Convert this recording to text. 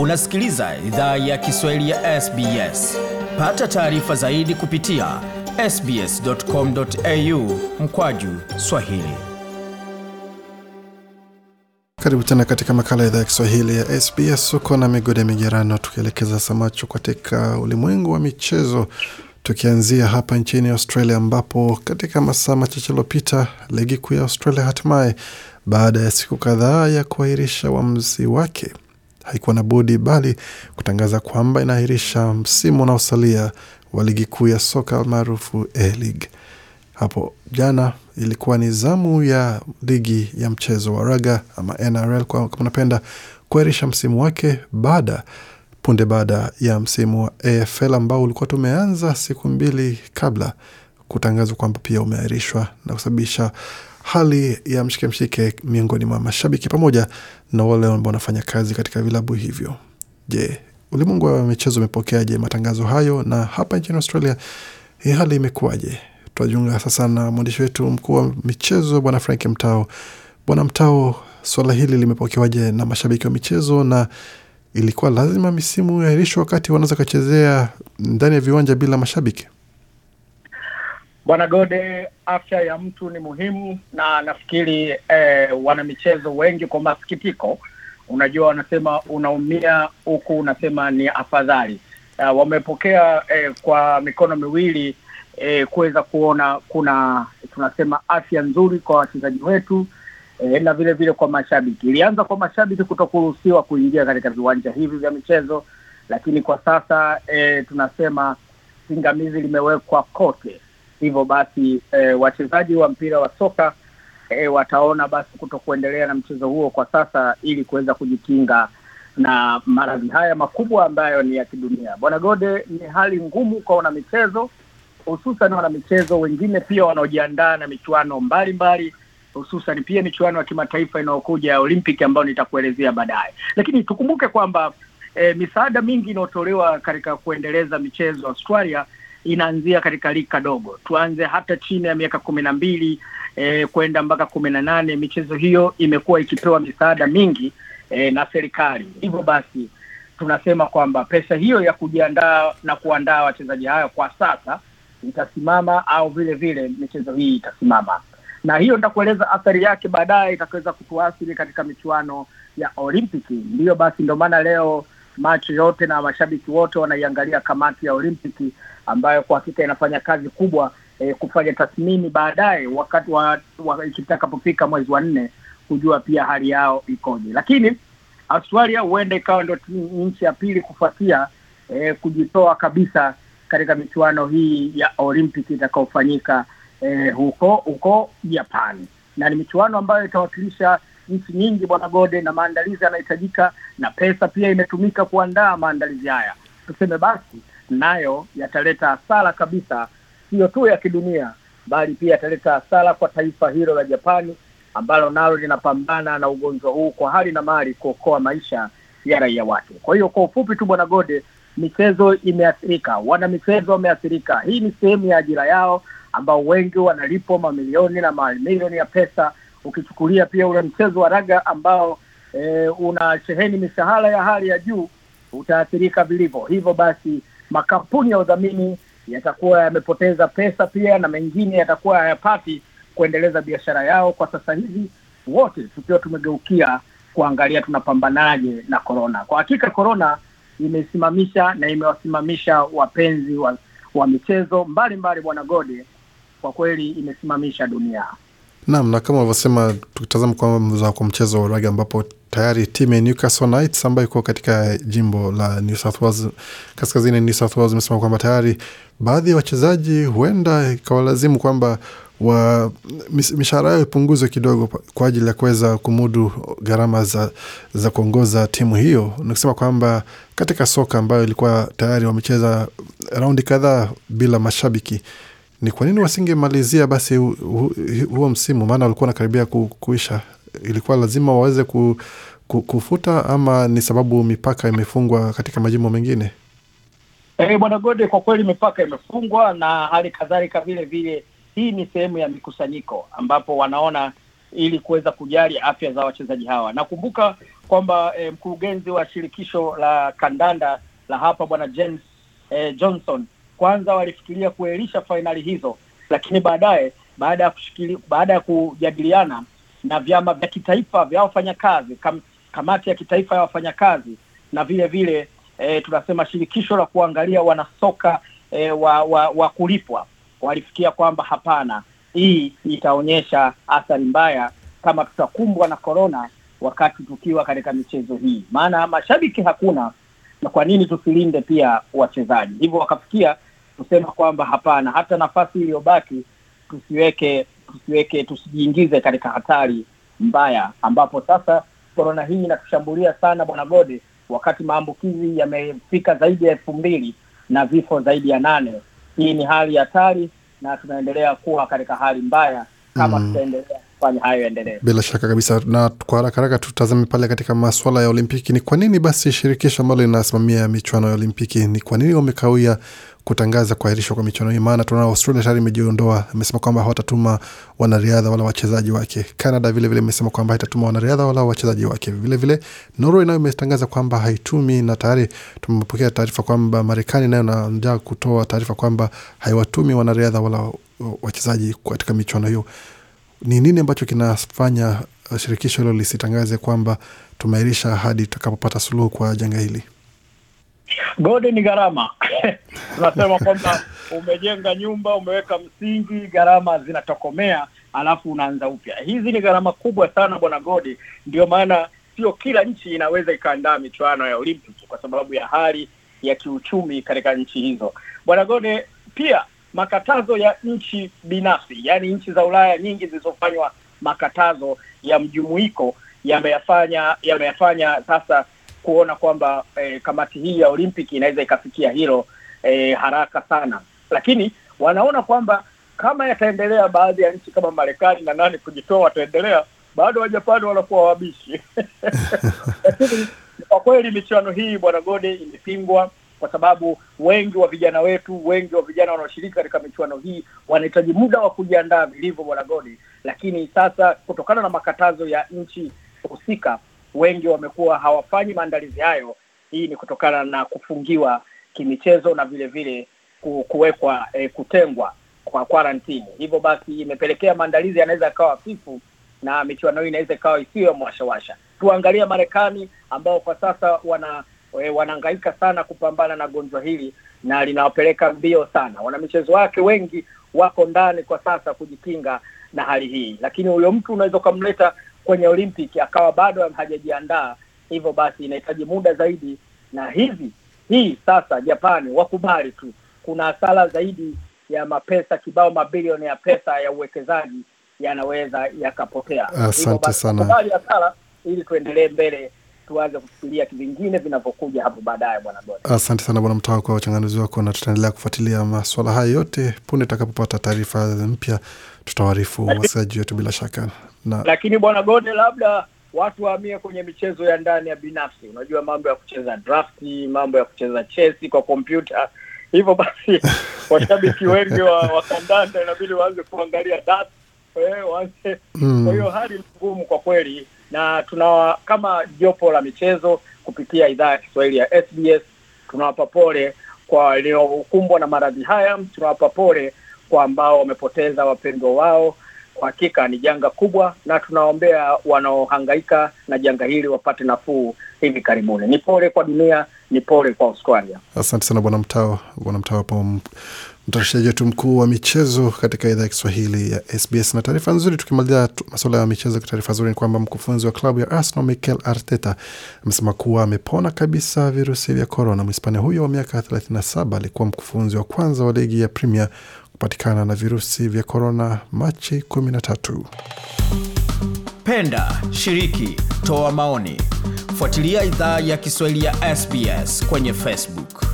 Unasikiliza idhaa ya Kiswahili ya SBS. Pata taarifa zaidi kupitia sbs.com.au mkwaju swahili. Karibu tena katika makala ya idhaa ya Kiswahili ya SBS. Uko na migode migerano, tukielekeza samacho katika ulimwengu wa michezo, tukianzia hapa nchini Australia, ambapo katika masaa machache aliopita ligi kuu ya Australia hatimaye baada ya siku kadhaa ya kuahirisha uamzi wake haikuwa na budi bali kutangaza kwamba inaahirisha msimu unaosalia wa ligi kuu ya soka maarufu A-League. Hapo jana ilikuwa ni zamu ya ligi ya mchezo wa raga ama NRL kama unapenda kuahirisha msimu wake baada punde baada ya msimu wa AFL ambao ulikuwa tumeanza siku mbili kabla kutangazwa kwamba pia umeahirishwa na kusababisha hali ya mshike mshike miongoni mwa mashabiki pamoja na wale ambao wanafanya kazi katika vilabu hivyo. Je, ulimwengu wa michezo umepokeaje matangazo hayo, na hapa nchini Australia hii hali imekuwaje? Tunajiunga sasa na mwandishi wetu mkuu wa michezo Bwana Frank Mtao. Bwana Mtao, suala hili limepokewaje na mashabiki wa michezo, na ilikuwa lazima misimu iahirishwe wakati wanaweza kachezea ndani ya viwanja bila mashabiki? Bwana Gode, afya ya mtu ni muhimu, na nafikiri eh, wanamichezo wengi kwa masikitiko, unajua wanasema unaumia huku unasema ni afadhali. Uh, wamepokea eh, kwa mikono miwili eh, kuweza kuona kuna tunasema afya nzuri kwa wachezaji wetu eh, na vile vile kwa mashabiki. Ilianza kwa mashabiki kutokuruhusiwa kuingia katika viwanja hivi vya michezo, lakini kwa sasa eh, tunasema pingamizi limewekwa kote hivyo basi e, wachezaji wa mpira wa soka e, wataona basi kuto kuendelea na mchezo huo kwa sasa ili kuweza kujikinga na maradhi haya makubwa ambayo ni ya kidunia. Bwana Gode, ni hali ngumu kwa wanamichezo, hususan wanamichezo wengine pia wanaojiandaa na michuano mbalimbali, hususan pia michuano ya kimataifa inayokuja ya Olympic ambayo nitakuelezea baadaye, lakini tukumbuke kwamba e, misaada mingi inayotolewa katika kuendeleza michezo Australia inaanzia katika lika dogo, tuanze hata chini ya miaka kumi na mbili e, kwenda mpaka kumi na nane. Michezo hiyo imekuwa ikipewa misaada mingi e, na serikali. Hivyo basi tunasema kwamba pesa hiyo ya kujiandaa na kuandaa wachezaji hayo kwa sasa itasimama au vile vile michezo hii itasimama, na hiyo nitakueleza athari yake baadaye itakaweza kutuathiri katika michuano ya Olimpiki. Ndiyo basi, ndio maana leo macho yote na mashabiki wote wanaiangalia kamati ya Olimpiki ambayo kwa hakika inafanya kazi kubwa e, kufanya tathmini baadaye wakati wa, wa, ikitakapofika mwezi wa nne kujua pia hali yao ikoje. Lakini Australia huenda ikawa ndo nchi ya pili kufuatia e, kujitoa kabisa katika michuano hii ya Olympic itakaofanyika e, eh, huko huko Japani, na ni michuano ambayo itawakilisha nchi nyingi, Bwana Gode, na maandalizi yanahitajika na pesa pia imetumika kuandaa maandalizi haya. Tuseme basi nayo yataleta hasara kabisa, siyo tu ya kidunia, bali pia yataleta hasara kwa taifa hilo la Japani ambalo nalo linapambana na ugonjwa huu kwa hali na mali kuokoa maisha ya raia wake. Kwa hiyo kwa ufupi tu, bwana Gode, michezo imeathirika, wana michezo wameathirika. Hii ni sehemu ya ajira yao ambao wengi wanalipwa mamilioni na mamilioni ya pesa, ukichukulia pia ule mchezo wa raga ambao e, eh, una sheheni mishahara ya hali ya juu utaathirika vilivyo. Hivyo basi makampuni ya udhamini yatakuwa yamepoteza pesa pia, na mengine yatakuwa hayapati kuendeleza biashara yao kwa sasa hivi, wote tukiwa tumegeukia kuangalia tunapambanaje na korona. Kwa hakika korona imesimamisha na imewasimamisha wapenzi wa, wa michezo mbalimbali, Bwana Gode, kwa kweli imesimamisha dunia. Naam, na kama ulivyosema, tukitazama kwa mchezo wa raga ambapo tayari timu ya Newcastle Knights ambayo iko katika jimbo la New South Wales, kaskazini New South Wales imesema kwamba tayari baadhi ya wachezaji huenda ikawalazimu kwamba wa mishahara yao ipunguzwe kidogo kwa ajili ya kuweza kumudu gharama za, za kuongoza timu hiyo. Nikusema kwamba katika soka ambayo ilikuwa tayari wamecheza raundi kadhaa bila mashabiki, ni kwa nini wasingemalizia basi huo msimu? Maana walikuwa wanakaribia ku, kuisha ilikuwa lazima waweze ku, ku, kufuta ama ni sababu mipaka imefungwa katika majimbo mengine? E, bwana Gode, kwa kweli mipaka imefungwa na hali kadhalika vile vile hii ni sehemu ya mikusanyiko ambapo wanaona ili kuweza kujali afya za wachezaji hawa. Nakumbuka kwamba e, mkurugenzi wa shirikisho la kandanda la hapa bwana James e, Johnson kwanza walifikiria kuelisha fainali hizo, lakini baadaye baada ya kushikili, baada ya kujadiliana na vyama vya kitaifa vya wafanyakazi kam, kamati ya kitaifa ya wafanyakazi na vile vile e, tunasema shirikisho la kuangalia wanasoka e, wa, wa, wa kulipwa walifikia kwamba hapana, hii itaonyesha athari mbaya kama tutakumbwa na korona wakati tukiwa katika michezo hii, maana mashabiki hakuna, na kwa nini tusilinde pia wachezaji? Hivyo wakafikia kusema kwamba hapana, hata nafasi iliyobaki tusiweke tusiweke tusijiingize katika hatari mbaya, ambapo sasa korona hii inatushambulia sana bwana Gode, wakati maambukizi yamefika zaidi ya elfu mbili na vifo zaidi ya nane. Hii ni hali hatari na tunaendelea kuwa katika hali mbaya kama mm, tutaendelea kufanya hayo yaendelee. Bila shaka kabisa, na kwa haraka haraka tutazame pale katika maswala ya Olimpiki. Ni kwa nini basi shirikisho ambalo linasimamia michuano ya Olimpiki, ni kwa nini wamekawia kutangaza kuahirishwa kwa michuano hii? Maana tunaona Australia tayari imejiondoa, amesema kwamba hawatatuma wanariadha wala wachezaji wake. Canada vilevile imesema kwamba haitatuma wanariadha wala wachezaji wake. Vilevile vile. Norway nayo imetangaza kwamba haitumi, na tayari tumepokea taarifa kwamba Marekani nayo naja kutoa taarifa kwamba haiwatumi wanariadha wala wachezaji katika michuano hiyo ni nini ambacho kinafanya uh, shirikisho hilo lisitangaze kwamba tumeirisha hadi tutakapopata suluhu kwa janga hili? Godi ni gharama. Tunasema kwamba umejenga nyumba, umeweka msingi, gharama zinatokomea, alafu unaanza upya. Hizi ni gharama kubwa sana, bwana Godi. Ndio maana sio kila nchi inaweza ikaandaa michuano ya Olimpiki kwa sababu ya hali ya kiuchumi katika nchi hizo, bwana Gode. Pia makatazo ya nchi binafsi, yaani nchi za Ulaya nyingi zilizofanywa makatazo ya mjumuiko yameyafanya yameyafanya sasa kuona kwamba eh, kamati hii ya Olimpiki inaweza ikafikia hilo eh, haraka sana, lakini wanaona kwamba kama yataendelea baadhi ya nchi kama Marekani na nani kujitoa, wataendelea bado Wajapani wanakuwa wabishi lakini kwa kweli michuano hii bwana Gode imepingwa kwa sababu wengi wa vijana wetu, wengi wa vijana wanaoshiriki katika michuano hii wanahitaji muda wa kujiandaa vilivyo, Bwana Godi. Lakini sasa kutokana na makatazo ya nchi husika, wengi wamekuwa hawafanyi maandalizi hayo. Hii ni kutokana na kufungiwa kimichezo na vilevile vile kuwekwa eh, kutengwa kwa karantini. Hivyo basi imepelekea maandalizi yanaweza yakawa hafifu na michuano hii inaweza ikawa isiyo ya mwashawasha. Tuangalie Marekani ambao kwa sasa wana e, wanahangaika sana kupambana na gonjwa hili na linawapeleka mbio sana. Wanamichezo wake wengi wako ndani kwa sasa kujikinga na hali hii, lakini huyo mtu unaweza ukamleta kwenye Olympic akawa bado hajajiandaa, hivyo basi inahitaji muda zaidi. Na hivi hii sasa Japani wakubali tu, kuna hasara zaidi ya mapesa kibao, mabilioni ya pesa ya uwekezaji yanaweza yakapotea. Asante sana, kubali hasara ili tuendelee mbele tuanze kufikiria vingine vinavyokuja hapo baadaye, bwana Gode. Asante sana bwana Mtawa kwa uchanganuzi wako, na tutaendelea kufuatilia maswala haya yote. Punde tutakapopata taarifa mpya, tutawarifu wasikilizaji wetu bila shaka na... Lakini bwana Gode, labda watu wahamie kwenye michezo ya ndani ya binafsi, unajua mambo ya kucheza drafti, mambo ya kucheza chesi kwa kompyuta hivyo basi washabiki wengi wa, wa kandanda inabidi waanze kuangalia dati eh, waanze mm. Kwa hiyo hali ngumu kwa kweli, na tuna kama jopo la michezo kupitia idhaa ya Kiswahili ya SBS tunawapa pole kwa waliokumbwa na maradhi haya, tunawapa pole kwa ambao wamepoteza wapendwa wao. Kwa hakika ni janga kubwa, na tunaombea wanaohangaika na janga hili wapate nafuu hivi karibuni. Ni pole kwa dunia, ni pole kwa Australia. Asante sana Bwana Mtao, Bwana Mtao hapo mtayarishaji wetu mkuu wa michezo katika idhaa ya Kiswahili ya SBS. Na taarifa nzuri, tukimalizia masuala ya michezo, taarifa nzuri ni kwamba mkufunzi wa klabu ya Arsenal Mikel Arteta amesema kuwa amepona kabisa virusi vya korona. Mhispania huyo wa miaka 37 alikuwa mkufunzi wa kwanza wa ligi ya Premier kupatikana na virusi vya korona Machi 13. Penda, shiriki, toa maoni, fuatilia idhaa ya Kiswahili ya SBS kwenye Facebook.